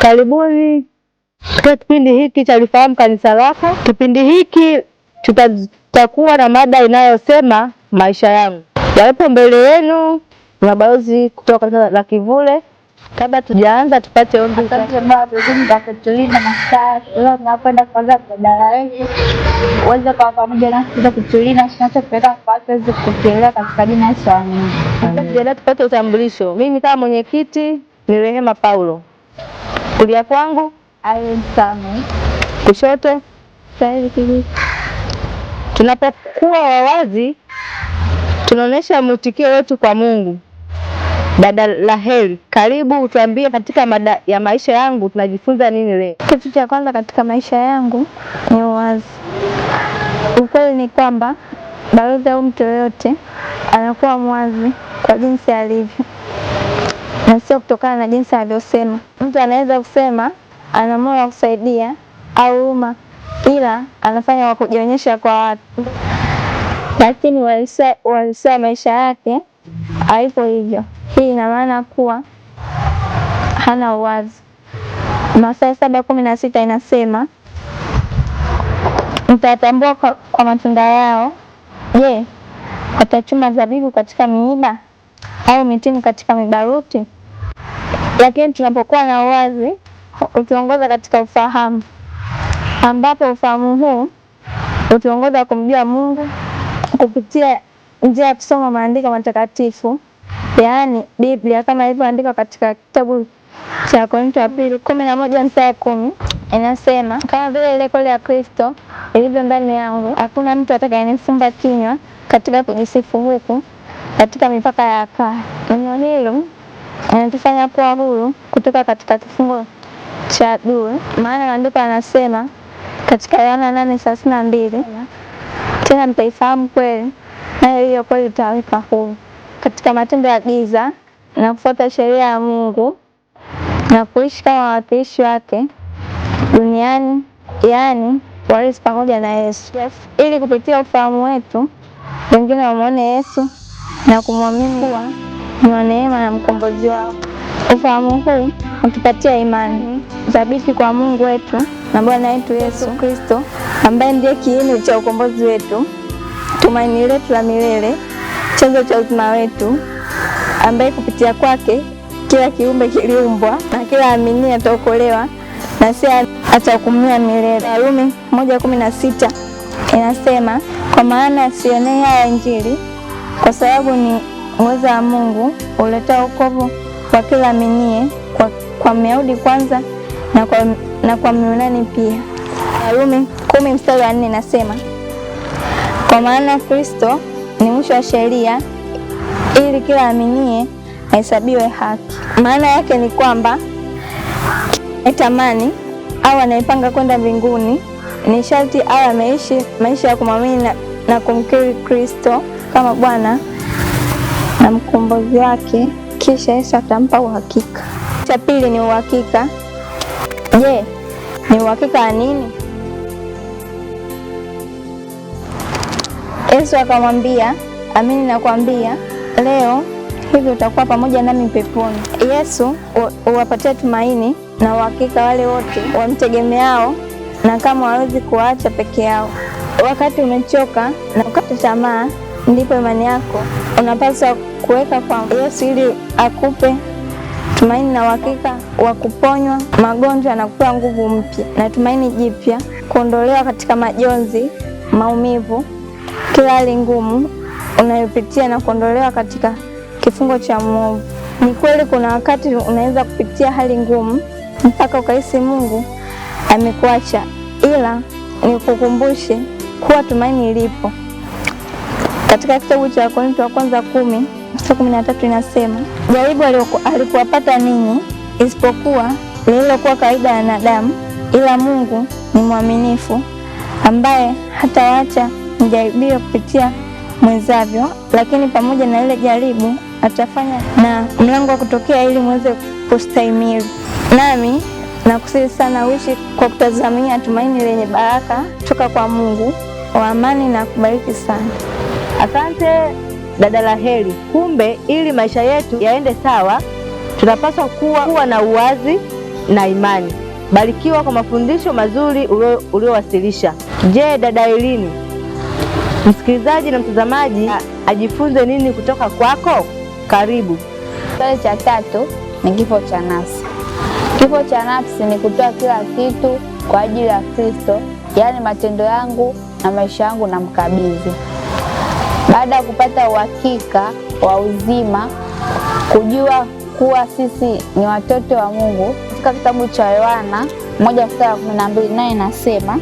Karibuni katika kipindi hiki cha Lifahamu Kanisa Lako. Kipindi hiki tutakuwa na mada inayosema maisha yangu. Yapo mbele yenu ni mabalozi kutoka Kanisa la Kivule. Kabla tujaanza, tupate ombi. Asante Baba kwa kutulinda na leo uweze pamoja kutulinda kwa katika jina la Yesu, Tupate utambulisho. Mimi kama mwenyekiti ni Rehema Paulo. Kulia kwangu iron tano, kushoto sahili kiwili. Tunapokuwa wawazi, tunaonesha mwitikio wetu kwa Mungu. Dada Raheli, karibu utuambie katika mada ya maisha yangu tunajifunza nini leo? Kitu cha kwanza katika maisha yangu ni uwazi. Ukweli ni kwamba balozi au mtu yoyote anakuwa mwazi kwa jinsi alivyo na sio kutokana na jinsi alivyosema. Mtu anaweza kusema ana moyo wa kusaidia au uma ila anafanya kwa kujionyesha kwa watu, lakini uhalisia maisha yake haipo hivyo. Hii ina maana kuwa hana uwazi. Mathayo saba kumi na sita inasema mtatambua kwa, kwa matunda yao. Je, watachuma zabibu katika miiba au mitini katika mibaruti? lakini tunapokuwa na uwazi utuongoza katika ufahamu, ambapo ufahamu huu utuongoza kumjua Mungu kupitia njia ya kusoma maandiko matakatifu, yaani Biblia kama ilivyoandikwa katika kitabu cha Korintho wa pili kumi na moja mstari ya kumi inasema, kama vile ile kweli ya Kristo ilivyo ndani yangu, hakuna mtu atakayenifumba kinywa katika kujisifu huku katika mipaka ya kaa. Neno hilo anatufanya kuwa huru kutoka katika kifungo cha due, maana andiko anasema katika Yohana nane thelathini na mbili tena mtaifahamu kweli, nayo hiyo kweli itawaweka huru katika matendo ya giza na kufuata sheria ya Mungu na kuishi kama wawakilishi wake duniani, yaani walezi pamoja na Yesu, yes. Ili kupitia ufahamu wetu wengine wamwone Yesu na kumwamini na neema ya mkombozi wao. Ufahamu huu utupatia imani, thabiti kwa Mungu wetu na Bwana wetu Yesu Kristo ambaye ndiye kiini cha ukombozi wetu, tumaini letu la milele, chanzo cha uzima wetu, ambaye kupitia kwake kila kiumbe kiliumbwa na kila amini ataokolewa na si atahukumiwa milele. Warumi moja kumi na sita inasema, kwa maana sionei haya Injili kwa sababu ni uweza wa Mungu uleta wokovu kwa kila minie, kwa, kwa Myahudi kwanza na kwa, na kwa Myunani pia. Warumi kumi mstari wa nne nasema kwa maana Kristo ni mwisho wa sheria ili kila aminie ahesabiwe haki. Maana yake ni kwamba etamani au anayepanga kwenda mbinguni ni sharti au ameishi maisha ya kumwamini na, na kumkiri Kristo kama Bwana ukombozi wake kisha Yesu atampa uhakika. Cha pili ni uhakika. Je, ni uhakika wa nini? Yesu akamwambia, amini nakwambia, leo hivi utakuwa pamoja nami peponi. Yesu huwapatia tumaini na uhakika wale wote wamtegemeao, na kama hawezi kuwaacha peke yao. Wakati umechoka na ukata tamaa, ndipo imani yako unapaswa kuweka kwa Yesu ili akupe tumaini na uhakika wa kuponywa magonjwa na kupewa nguvu mpya na tumaini jipya, kuondolewa katika majonzi, maumivu, kila hali ngumu unayopitia na kuondolewa katika kifungo cha mwovu. Ni kweli kuna wakati unaweza kupitia hali ngumu mpaka ukahisi Mungu amekuacha, ila nikukumbushe kuwa tumaini lipo. Katika kitabu cha Wakorintho wa kwanza kumi Mwanzo 13 inasema jaribu alikuwapata ninyi isipokuwa lililokuwa kawaida ya wanadamu, ila Mungu ni mwaminifu, ambaye hataacha mjaribiwe kupitia mwezavyo, lakini pamoja na ile jaribu atafanya na mlango wa kutokea ili muweze kustahimili. Nami nakusihi sana uishi kwa kutazamia tumaini lenye baraka kutoka kwa Mungu wa amani na kubariki sana. Asante dada Raheli. Kumbe ili maisha yetu yaende sawa, tunapaswa kuwa, kuwa na uwazi na imani. Barikiwa kwa mafundisho mazuri uliowasilisha. Je, dada Elini, msikilizaji na mtazamaji ajifunze nini kutoka kwako? Karibu. Kipengele cha tatu ni kifo cha nafsi. Kifo cha nafsi ni kutoa kila kitu kwa ajili ya Kristo, yaani matendo yangu na maisha yangu na mkabizi baada ya kupata uhakika wa uzima, kujua kuwa sisi ni watoto wa Mungu, katika kitabu cha Yohana moja mstari kumi na mbili naye inasema,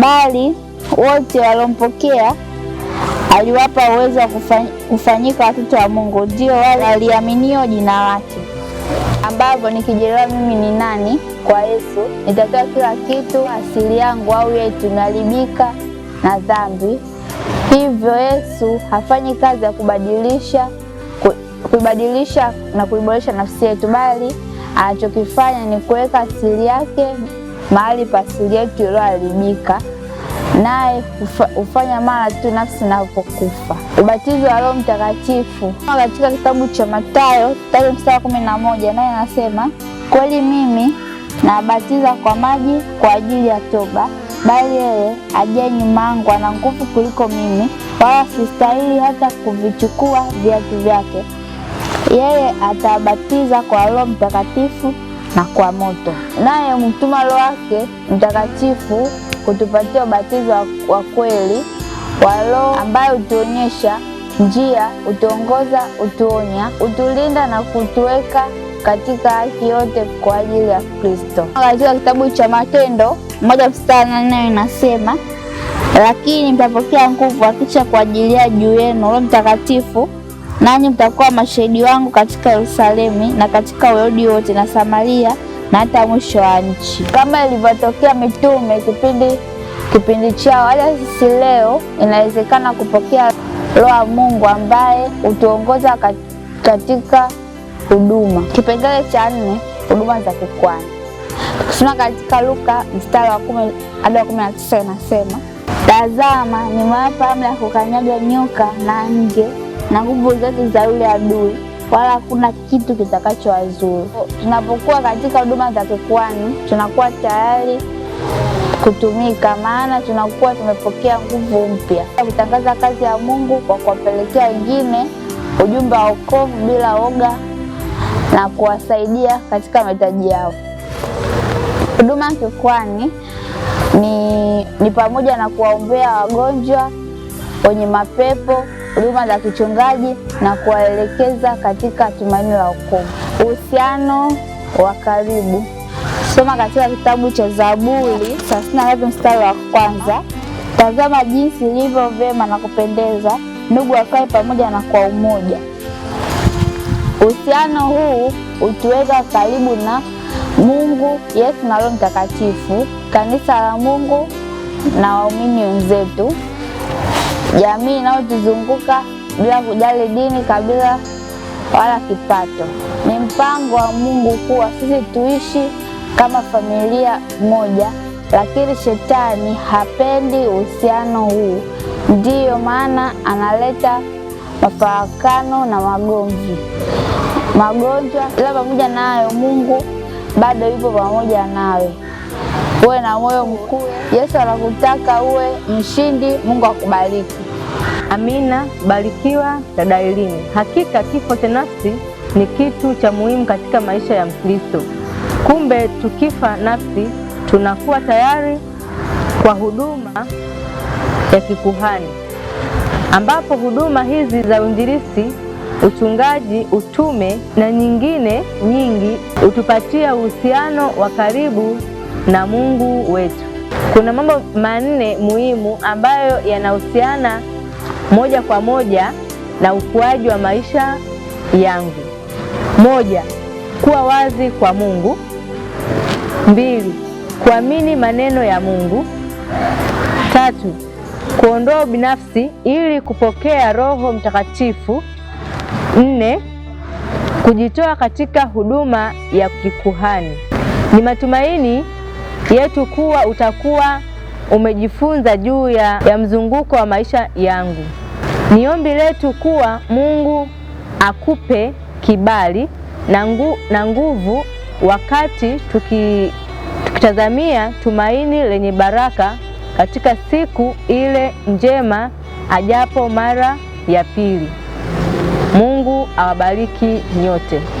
bali wote waliompokea aliwapa uwezo wa kufanyika watoto wa Mungu, ndio wale waliaminio jina lake. Ambavyo nikijelewa mimi ni nani kwa Yesu, nitatoa kila kitu, asili yangu au yetu imeharibika na dhambi Hivyo Yesu hafanyi kazi ya kubadilisha kuibadilisha na kuiboresha nafsi yetu, bali anachokifanya ni kuweka asili yake mahali pa asili yetu iliyoharibika, naye hufanya mara tu nafsi inapokufa. Ubatizo wa Roho Mtakatifu katika kitabu cha Mathayo tatu mstari kumi na moja naye anasema kweli mimi nabatiza kwa maji kwa ajili ya toba bali yeye ajaye nyuma yangu ana nguvu kuliko mimi, wala sistahili hata kuvichukua viatu vyake. Yeye atabatiza kwa Roho Mtakatifu na kwa moto, naye mtuma Roho wake Mtakatifu kutupatia ubatizo wa kweli wa Roho, ambayo utuonyesha njia, utuongoza utuonya utulinda na kutuweka katika haki yote kwa ajili ya Kristo. Katika kitabu cha Matendo moja mstari na nne inasema lakini mtapokea nguvu akicha ya juu yenu Roho Mtakatifu, nanyi mtakuwa mashahidi wangu katika Yerusalemu na katika Uyahudi wote na Samaria na hata mwisho wa nchi. Kama ilivyotokea mitume kipindi kipindi chao, hata sisi leo inawezekana kupokea Roho wa Mungu ambaye utuongoza katika huduma. Kipengele cha nne, huduma za kikwani. Tukisoma katika Luka mstari wa kumi hadi wa kumi na tisa inasema tazama, nimewapa amri ya kukanyaga nyoka na nge na nguvu zote za yule adui, wala hakuna kitu kitakachowazuru. Tunapokuwa katika huduma za kikwani, tunakuwa tayari kutumika, maana tunakuwa tumepokea nguvu mpya kutangaza kazi ya Mungu kwa kuwapelekea wengine ujumbe wa wokovu bila oga na kuwasaidia katika mahitaji yao. Huduma Kikwani ni, ni pamoja na kuwaombea wagonjwa wenye mapepo, huduma za kichungaji na kuwaelekeza katika tumaini la wokovu. Uhusiano wa karibu, soma katika kitabu cha Zaburi 33 mstari wa kwanza, tazama jinsi ilivyo vyema na kupendeza ndugu wakae pamoja na kwa umoja. Uhusiano huu utuweka karibu na Mungu, Yesu na Roho Mtakatifu, kanisa la Mungu na waumini wenzetu, jamii inayotuzunguka bila kujali dini, kabila wala kipato. Ni mpango wa Mungu kuwa sisi tuishi kama familia moja, lakini shetani hapendi uhusiano huu. Ndiyo maana analeta mafarakano na magomvi magonjwa, ila pamoja nayo Mungu bado yupo pamoja nawe. Uwe na moyo mkuu, Yesu anakutaka uwe mshindi. Mungu akubariki. Amina. Barikiwa dada Elini. Hakika kifo cha nafsi ni kitu cha muhimu katika maisha ya Mkristo. Kumbe tukifa nafsi tunakuwa tayari kwa huduma ya kikuhani, ambapo huduma hizi za uinjilisti uchungaji, utume na nyingine nyingi hutupatia uhusiano wa karibu na Mungu wetu. Kuna mambo manne muhimu ambayo yanahusiana moja kwa moja na ukuaji wa maisha yangu. Moja, kuwa wazi kwa Mungu. Mbili, kuamini maneno ya Mungu. Tatu, kuondoa ubinafsi ili kupokea Roho Mtakatifu. Nne, kujitoa katika huduma ya kikuhani. Ni matumaini yetu kuwa utakuwa umejifunza juu ya, ya mzunguko wa maisha yangu. Ni ombi letu kuwa Mungu akupe kibali na nangu, nguvu wakati tuki, tukitazamia tumaini lenye baraka katika siku ile njema ajapo mara ya pili. Mungu awabariki nyote.